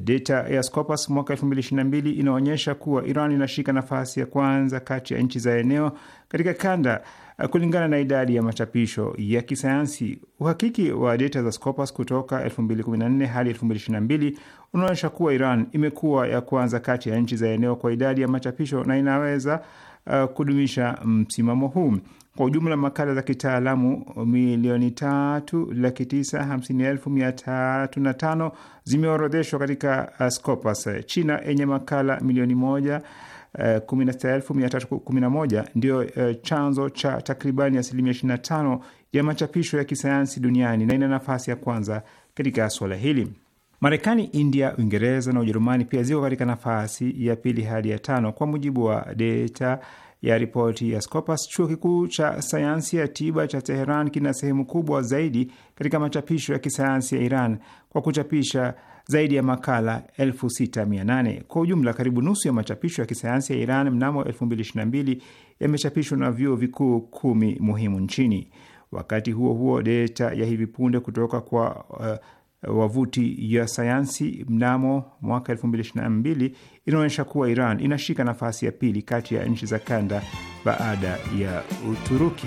Speaker 1: Data ya Scopus mwaka 2022 inaonyesha kuwa Iran inashika nafasi ya kwanza kati ya nchi za eneo katika kanda Eh, kulingana na idadi ya machapisho ya kisayansi. Uhakiki wa data za Scopus kutoka 2014 hadi 2022 unaonyesha kuwa Iran imekuwa ya kwanza kati ya nchi za eneo kwa idadi ya machapisho na inaweza uh, kudumisha msimamo huu. Kwa ujumla makala za kitaalamu eh, milioni tatu laki tisa hamsini elfu mia tatu na tano zimeorodheshwa katika Scopus. China yenye makala milioni moja 16311 eh, ndiyo eh, chanzo cha takribani asilimia 25 ya machapisho ya kisayansi duniani na ina nafasi ya kwanza katika suala hili. Marekani, India, Uingereza na Ujerumani pia ziko katika nafasi ya pili hadi ya tano kwa mujibu wa data ya ripoti ya Scopus. Chuo kikuu cha sayansi ya tiba cha Teheran kina sehemu kubwa zaidi katika machapisho ya kisayansi ya Iran kwa kuchapisha zaidi ya makala 6800. Kwa ujumla, karibu nusu ya machapisho ya kisayansi ya Iran mnamo 2022 yamechapishwa na vyuo vikuu kumi muhimu nchini. Wakati huo huo, data ya hivi punde kutoka kwa uh, wavuti ya sayansi mnamo mwaka 2022 inaonyesha kuwa Iran inashika nafasi ya pili kati ya nchi za kanda baada ya Uturuki.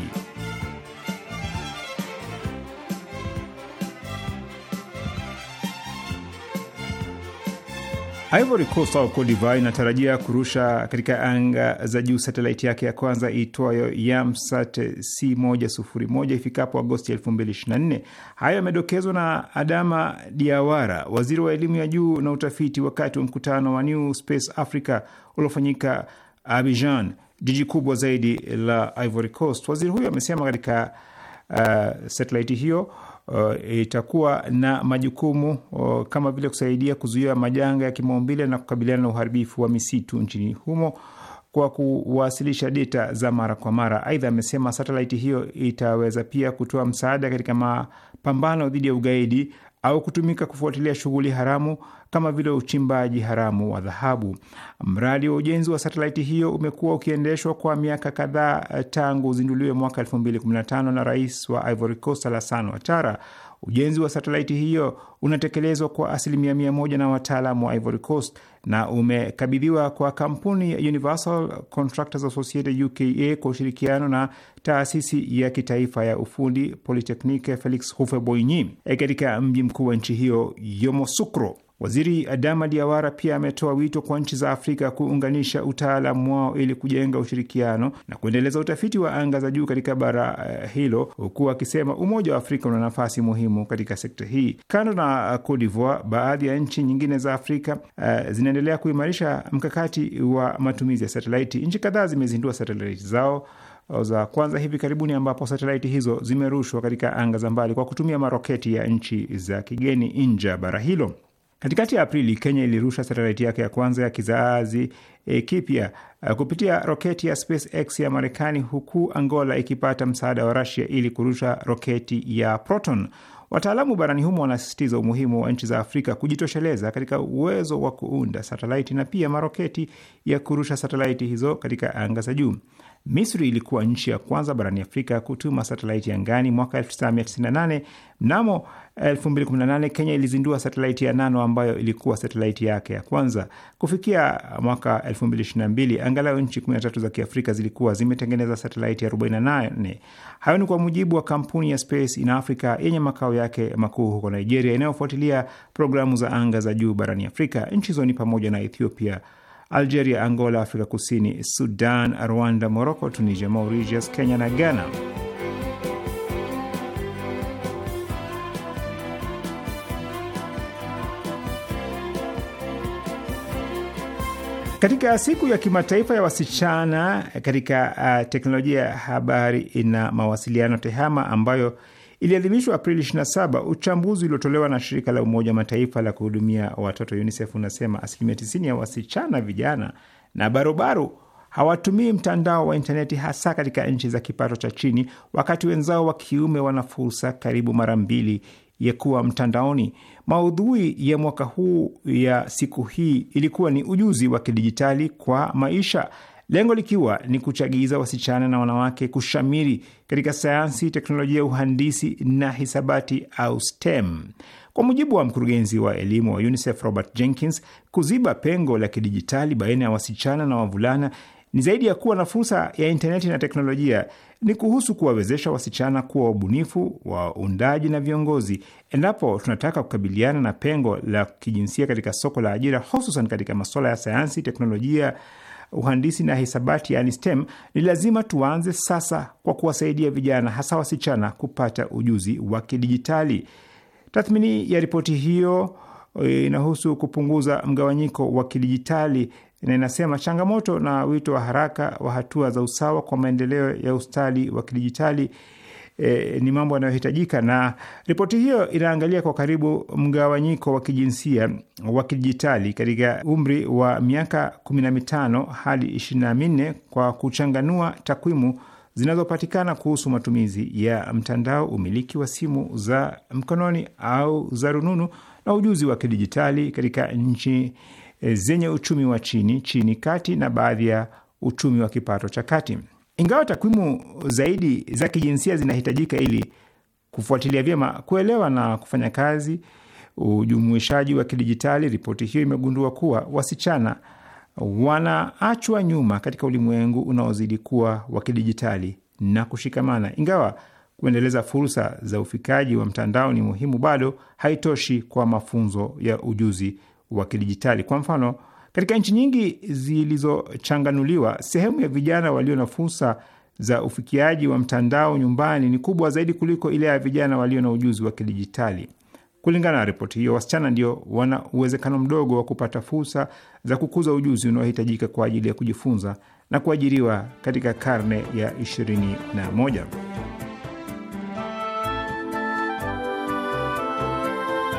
Speaker 1: Ivory Coast au Cote d'Ivoire inatarajia kurusha katika anga za juu satelaiti yake ya kwanza iitwayo Yamsat C101 ifikapo Agosti 2024. Hayo yamedokezwa na Adama Diawara, waziri wa elimu ya juu na utafiti, wakati wa mkutano wa New Space Africa uliofanyika Abidjan, jiji kubwa zaidi la Ivory Coast. Waziri huyo amesema katika uh, satelaiti hiyo uh, itakuwa na majukumu uh, kama vile kusaidia kuzuia majanga ya kimaumbile na kukabiliana na uharibifu wa misitu nchini humo kwa kuwasilisha data za mara kwa mara. Aidha, amesema satelaiti hiyo itaweza pia kutoa msaada katika mapambano dhidi ya ugaidi au kutumika kufuatilia shughuli haramu kama vile uchimbaji haramu wa dhahabu. Mradi wa ujenzi wa satelaiti hiyo umekuwa ukiendeshwa kwa miaka kadhaa eh, tangu uzinduliwe mwaka 2015 na rais wa Ivory Coast Alassane Ouattara. Ujenzi wa satelaiti hiyo unatekelezwa kwa asilimia mia moja na wataalamu wa Ivory Coast na umekabidhiwa kwa kampuni ya Universal Contractors Associated UKA kwa ushirikiano na taasisi ya kitaifa ya ufundi Polytechnique Felix Houphouet-Boigny e, katika mji mkuu wa nchi hiyo Yamoussoukro. Waziri Adama Diawara pia ametoa wito kwa nchi za Afrika kuunganisha utaalamu wao ili kujenga ushirikiano na kuendeleza utafiti wa anga za juu katika bara eh, hilo, huku akisema Umoja wa Afrika una nafasi muhimu katika sekta hii. Kando na uh, Cote d'Ivoire, baadhi ya nchi nyingine za Afrika uh, zinaendelea kuimarisha mkakati wa matumizi ya satelaiti. Nchi kadhaa zimezindua satelaiti zao oh, za kwanza hivi karibuni ambapo satelaiti hizo zimerushwa katika anga za mbali kwa kutumia maroketi ya nchi za kigeni nje ya bara hilo. Katikati ya Aprili, Kenya ilirusha satelaiti yake ya kwanza ya kizazi e, kipya e, kupitia roketi ya SpaceX ya Marekani, huku Angola ikipata msaada wa Rusia ili kurusha roketi ya Proton. Wataalamu barani humo wanasisitiza umuhimu wa nchi za Afrika kujitosheleza katika uwezo wa kuunda satelaiti na pia maroketi ya kurusha satelaiti hizo katika anga za juu. Misri ilikuwa nchi ya kwanza barani Afrika kutuma satelaiti angani mwaka 1998. Mnamo 2018 Kenya ilizindua satelaiti ya Nano ambayo ilikuwa satelaiti yake ya kwanza. Kufikia mwaka 2022 angalau nchi 13 za Kiafrika zilikuwa zimetengeneza satelaiti 48. Hayo ni kwa mujibu wa kampuni ya Space in Africa yenye makao yake makuu huko Nigeria, inayofuatilia programu za anga za juu barani Afrika. Nchi hizo ni pamoja na Ethiopia, Algeria, Angola, Afrika Kusini, Sudan, Rwanda, Moroko, Tunisia, Mauritius, Kenya na Ghana. Katika siku ya kimataifa ya wasichana katika uh, teknolojia ya habari ina mawasiliano TEHAMA ambayo iliadhimishwa Aprili 27. Uchambuzi uliotolewa na shirika la Umoja wa Mataifa la kuhudumia watoto UNICEF unasema asilimia 90 ya wasichana vijana na barobaro hawatumii mtandao wa intaneti hasa katika nchi za kipato cha chini, wakati wenzao wa kiume wana fursa karibu mara mbili ya kuwa mtandaoni. Maudhui ya mwaka huu ya siku hii ilikuwa ni ujuzi wa kidijitali kwa maisha lengo likiwa ni kuchagiza wasichana na wanawake kushamiri katika sayansi, teknolojia, uhandisi na hisabati au STEM. Kwa mujibu wa mkurugenzi wa elimu wa UNICEF Robert Jenkins, kuziba pengo la kidijitali baina ya wasichana na wavulana ni zaidi ya kuwa na fursa ya intaneti na teknolojia, ni kuhusu kuwawezesha wasichana kuwa wabunifu, waundaji na viongozi. Endapo tunataka kukabiliana na pengo la kijinsia katika soko la ajira, hususan katika masuala ya sayansi, teknolojia uhandisi na hisabati, yani STEM, ni lazima tuanze sasa kwa kuwasaidia vijana, hasa wasichana, kupata ujuzi wa kidijitali. Tathmini ya ripoti hiyo e, inahusu kupunguza mgawanyiko wa kidijitali na inasema changamoto na wito wa haraka wa hatua za usawa kwa maendeleo ya ustali wa kidijitali e, ni mambo yanayohitajika. Na ripoti hiyo inaangalia kwa karibu mgawanyiko wa kijinsia wa kidijitali katika umri wa miaka kumi na mitano hadi ishirini na minne kwa kuchanganua takwimu zinazopatikana kuhusu matumizi ya mtandao, umiliki wa simu za mkononi au za rununu na ujuzi wa kidijitali katika nchi eh, zenye uchumi wa chini, chini kati na baadhi ya uchumi wa kipato cha kati. Ingawa takwimu zaidi za kijinsia zinahitajika ili kufuatilia vyema, kuelewa na kufanya kazi ujumuishaji wa kidijitali, ripoti hiyo imegundua kuwa wasichana wanaachwa nyuma katika ulimwengu unaozidi kuwa wa kidijitali na kushikamana. Ingawa kuendeleza fursa za ufikaji wa mtandao ni muhimu, bado haitoshi kwa mafunzo ya ujuzi wa kidijitali. Kwa mfano, katika nchi nyingi zilizochanganuliwa, sehemu ya vijana walio na fursa za ufikiaji wa mtandao nyumbani ni kubwa zaidi kuliko ile ya vijana walio na ujuzi wa kidijitali. Kulingana na ripoti hiyo, wasichana ndio wana uwezekano mdogo wa kupata fursa za kukuza ujuzi unaohitajika kwa ajili ya kujifunza na kuajiriwa katika karne ya 21.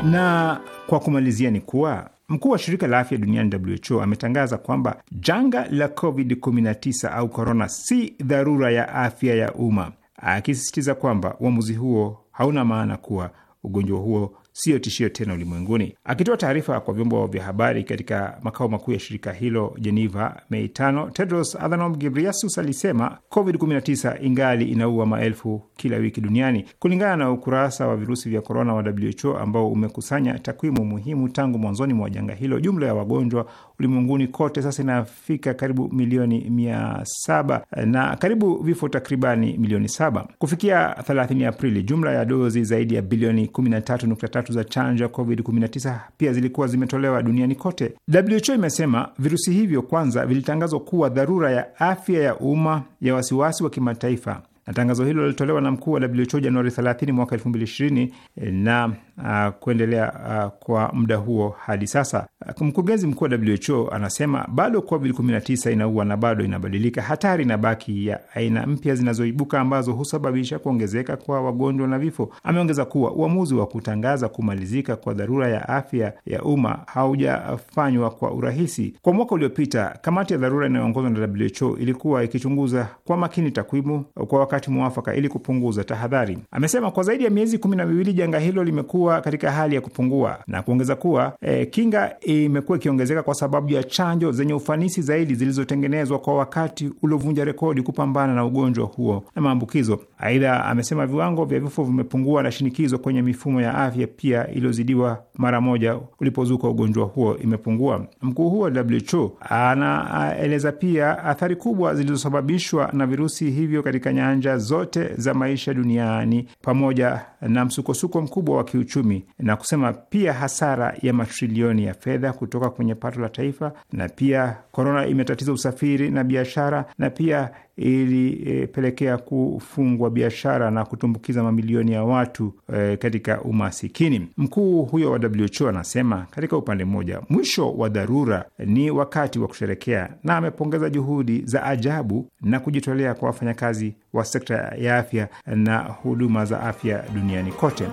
Speaker 1: Na kwa kumalizia ni kuwa Mkuu wa shirika la afya duniani WHO ametangaza kwamba janga la COVID-19 au korona si dharura ya afya ya umma, akisisitiza kwamba uamuzi huo hauna maana kuwa ugonjwa huo siyo tishio tena ulimwenguni. Akitoa taarifa kwa vyombo vya habari katika makao makuu ya shirika hilo Geneva Mei tano, Tedros Adhanom Ghebreyesus alisema COVID-19 ingali inaua maelfu kila wiki duniani, kulingana na ukurasa wa virusi vya korona wa WHO ambao umekusanya takwimu muhimu tangu mwanzoni mwa janga hilo. Jumla ya wagonjwa ulimwenguni kote sasa inafika karibu milioni mia saba eh, na karibu vifo takribani milioni saba kufikia 30 Aprili. Jumla ya dozi zaidi ya bilioni 13.3 tatu za chanjo ya COVID-19 pia zilikuwa zimetolewa duniani kote. WHO imesema virusi hivyo kwanza vilitangazwa kuwa dharura ya afya ya umma ya wasiwasi wa kimataifa na tangazo hilo lilitolewa na mkuu wa WHO Januari 30 mwaka 2020 na uh, kuendelea uh, kwa muda huo hadi sasa. Uh, mkurugenzi mkuu wa WHO anasema bado COVID-19 inaua na bado inabadilika. Hatari na baki ya aina mpya zinazoibuka ambazo husababisha kuongezeka kwa wagonjwa na vifo. Ameongeza kuwa uamuzi wa kutangaza kumalizika kwa dharura ya afya ya umma haujafanywa kwa urahisi. Kwa mwaka uliopita, kamati ya dharura inayoongozwa na WHO ilikuwa ikichunguza kwa makini takwimu kwa wakati mwafaka ili kupunguza tahadhari. Amesema kwa zaidi ya miezi kumi na miwili janga hilo limekuwa kuwa katika hali ya kupungua na kuongeza kuwa e, kinga imekuwa ikiongezeka kwa sababu ya chanjo zenye ufanisi zaidi zilizotengenezwa kwa wakati uliovunja rekodi kupambana na ugonjwa huo na maambukizo. Aidha, amesema viwango vya vifo vimepungua na shinikizo kwenye mifumo ya afya pia iliyozidiwa mara moja ulipozuka ugonjwa huo imepungua. Mkuu huo WHO anaeleza pia athari kubwa zilizosababishwa na virusi hivyo katika nyanja zote za maisha duniani pamoja na msukosuko mkubwa wa kiuchumi kiuchumi na kusema pia hasara ya matrilioni ya fedha kutoka kwenye pato la taifa, na pia korona imetatiza usafiri na biashara, na pia ilipelekea e, kufungwa biashara na kutumbukiza mamilioni ya watu e, katika umasikini. Mkuu huyo wa WHO anasema katika upande mmoja, mwisho wa dharura ni wakati wa kusherekea, na amepongeza juhudi za ajabu na kujitolea kwa wafanyakazi wa sekta ya afya na huduma za afya duniani kote.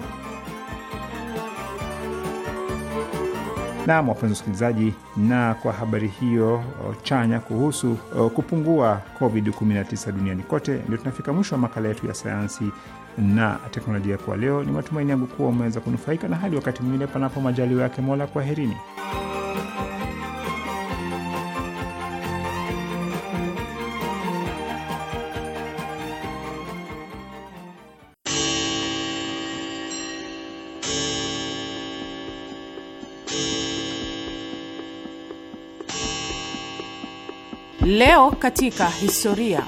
Speaker 1: Naam wapenzi wasikilizaji, na kwa habari hiyo chanya kuhusu kupungua COVID-19 duniani kote, ndio tunafika mwisho wa makala yetu ya sayansi na teknolojia kwa leo. Ni matumaini yangu kuwa umeweza kunufaika, na hadi wakati mwingine, panapo majaliwa yake Mola, kwaherini.
Speaker 2: Leo katika historia.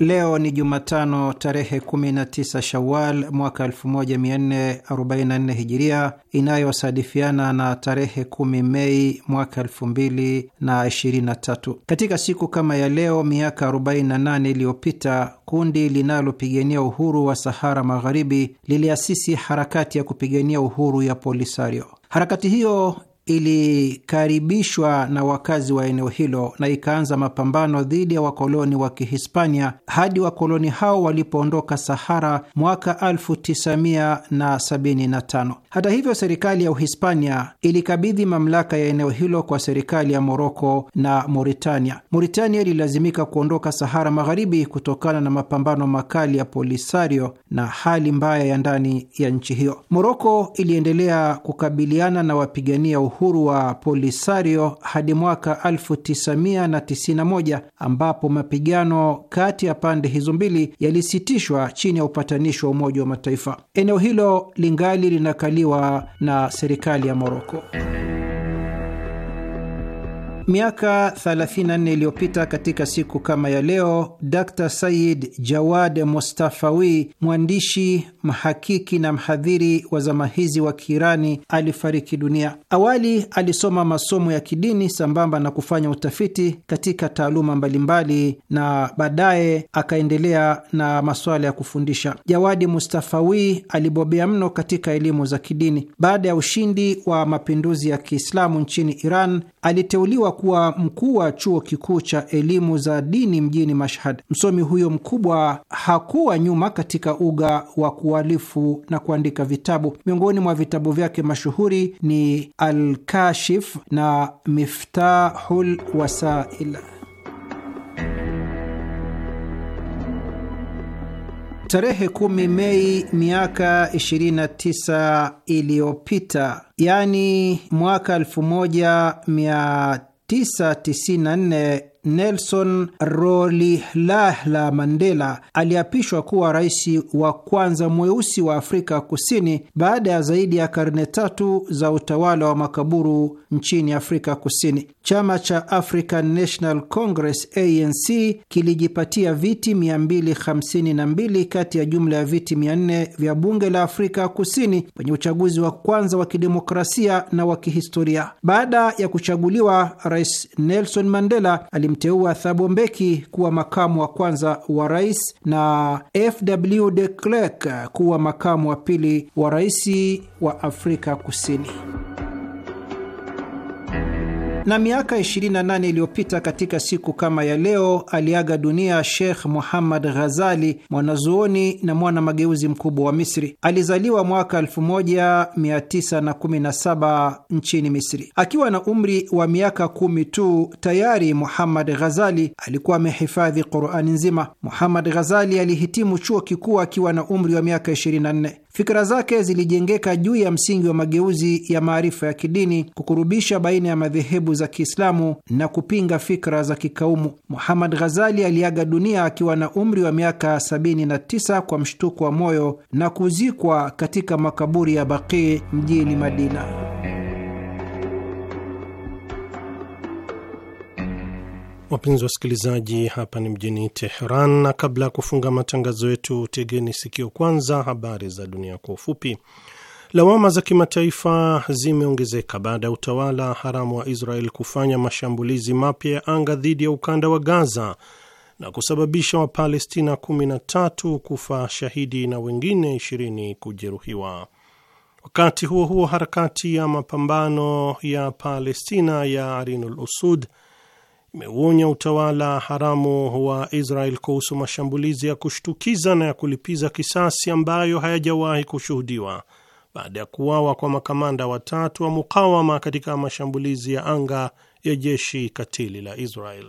Speaker 5: Leo ni Jumatano tarehe 19 Shawal mwaka 1444 Hijiria, inayosadifiana na tarehe 10 Mei mwaka 2023. Katika siku kama ya leo miaka 48 iliyopita kundi linalopigania uhuru wa Sahara Magharibi liliasisi harakati ya kupigania uhuru ya Polisario. Harakati hiyo ilikaribishwa na wakazi wa eneo hilo na ikaanza mapambano dhidi ya wakoloni wa Kihispania hadi wakoloni hao walipoondoka Sahara mwaka 1975. Hata hivyo, serikali ya Uhispania ilikabidhi mamlaka ya eneo hilo kwa serikali ya Moroko na Mauritania. Mauritania ililazimika kuondoka Sahara Magharibi kutokana na mapambano makali ya Polisario na hali mbaya ya ndani ya nchi hiyo. Moroko iliendelea kukabiliana na wapigania uhuru uhuru wa Polisario hadi mwaka 1991 ambapo mapigano kati ya pande hizo mbili yalisitishwa chini ya upatanishi wa Umoja wa Mataifa. Eneo hilo lingali linakaliwa na serikali ya Moroko. Miaka 34 iliyopita katika siku kama ya leo, Dr Said Jawad Mustafawi, mwandishi, mhakiki na mhadhiri wa zama hizi wa Kiirani, alifariki dunia. Awali alisoma masomo ya kidini sambamba na kufanya utafiti katika taaluma mbalimbali, na baadaye akaendelea na masuala ya kufundisha. Jawadi Mustafawi alibobea mno katika elimu za kidini. Baada ya ushindi wa mapinduzi ya Kiislamu nchini Iran, aliteuliwa kuwa mkuu wa chuo kikuu cha elimu za dini mjini Mashhad. Msomi huyo mkubwa hakuwa nyuma katika uga wa kualifu na kuandika vitabu. Miongoni mwa vitabu vyake mashuhuri ni Alkashif na Miftahul Wasail. Tarehe kumi Mei miaka 29 iliyopita, yani mwaka 994 Nelson Rolihlahla Mandela aliapishwa kuwa rais wa kwanza mweusi wa Afrika Kusini baada ya zaidi ya karne tatu za utawala wa makaburu nchini Afrika Kusini. Chama cha African National Congress ANC kilijipatia viti 252 kati ya jumla ya viti 400 vya bunge la Afrika Kusini kwenye uchaguzi wa kwanza wa kidemokrasia na wa kihistoria. Baada ya kuchaguliwa, Rais Nelson Mandela ali walimteua Thabo Mbeki kuwa makamu wa kwanza wa rais na FW de Klerk kuwa makamu wa pili wa rais wa Afrika Kusini. Na miaka 28 iliyopita katika siku kama ya leo aliaga dunia Sheikh Muhammad Ghazali, mwanazuoni na mwana mageuzi mkubwa wa Misri. Alizaliwa mwaka 1917 nchini Misri. Akiwa na umri wa miaka kumi tu, tayari Muhammad Ghazali alikuwa amehifadhi Qurani nzima. Muhammad Ghazali alihitimu chuo kikuu akiwa na umri wa miaka 24. Fikra zake zilijengeka juu ya msingi wa mageuzi ya maarifa ya kidini, kukurubisha baina ya madhehebu za Kiislamu na kupinga fikra za kikaumu. Muhammad Ghazali aliaga dunia akiwa na umri wa miaka 79 kwa mshtuko wa moyo na kuzikwa katika makaburi ya Baqi mjini Madina.
Speaker 3: Wapenzi wasikilizaji, hapa ni mjini Teheran, na kabla ya kufunga matangazo yetu, tegeni sikio kwanza habari za dunia kwa ufupi. Lawama za kimataifa zimeongezeka baada ya utawala haramu wa Israel kufanya mashambulizi mapya ya anga dhidi ya ukanda wa Gaza na kusababisha Wapalestina 13 kufa shahidi na wengine 20 kujeruhiwa. Wakati huo huo, harakati ya mapambano ya Palestina ya Arinul Usud imeuonya utawala haramu wa Israel kuhusu mashambulizi ya kushtukiza na ya kulipiza kisasi ambayo hayajawahi kushuhudiwa baada ya kuuawa kwa makamanda watatu wa mukawama katika mashambulizi ya anga ya jeshi katili la Israel.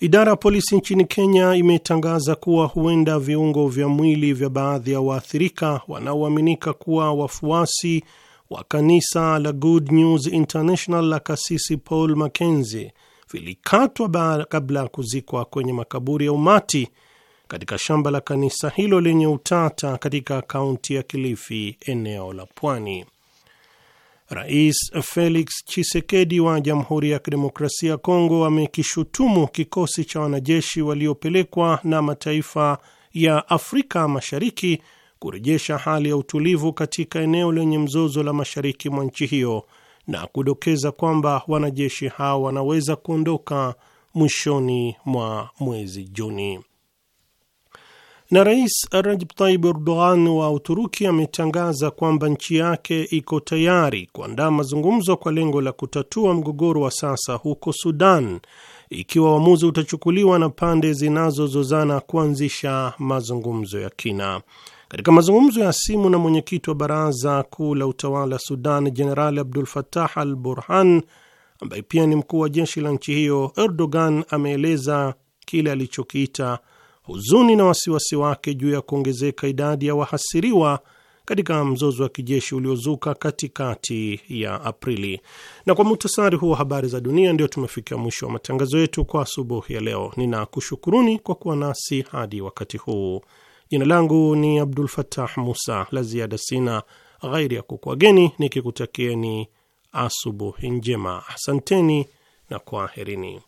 Speaker 3: Idara ya polisi nchini Kenya imetangaza kuwa huenda viungo vya mwili vya baadhi ya waathirika wanaoaminika kuwa wafuasi wa kanisa la Good News International la kasisi Paul Mackenzie vilikatwa kabla ya kuzikwa kwenye makaburi ya umati katika shamba la kanisa hilo lenye utata katika kaunti ya Kilifi, eneo la Pwani. Rais Felix Tshisekedi wa Jamhuri ya Kidemokrasia ya Kongo amekishutumu kikosi cha wanajeshi waliopelekwa na mataifa ya Afrika Mashariki kurejesha hali ya utulivu katika eneo lenye mzozo la mashariki mwa nchi hiyo na kudokeza kwamba wanajeshi hao wanaweza kuondoka mwishoni mwa mwezi Juni. Na Rais Recep Tayyip Erdogan wa Uturuki ametangaza kwamba nchi yake iko tayari kuandaa mazungumzo kwa lengo la kutatua mgogoro wa sasa huko Sudan ikiwa uamuzi utachukuliwa na pande zinazozozana kuanzisha mazungumzo ya kina. Katika mazungumzo ya simu na mwenyekiti wa baraza kuu la utawala Sudan, Jenerali Abdul fatah al Burhan, ambaye pia ni mkuu wa jeshi la nchi hiyo, Erdogan ameeleza kile alichokiita huzuni na wasiwasi wake juu ya kuongezeka idadi ya wahasiriwa katika mzozo wa kijeshi uliozuka katikati ya Aprili. Na kwa muhtasari huo habari za dunia, ndio tumefikia mwisho wa matangazo yetu kwa asubuhi ya leo. Ninakushukuruni kwa kuwa nasi hadi wakati huu. Jina langu ni Abdul Fatah Musa. La ziada sina ghairi ya kukwageni nikikutakieni asubuhi njema. Asanteni na kwaherini.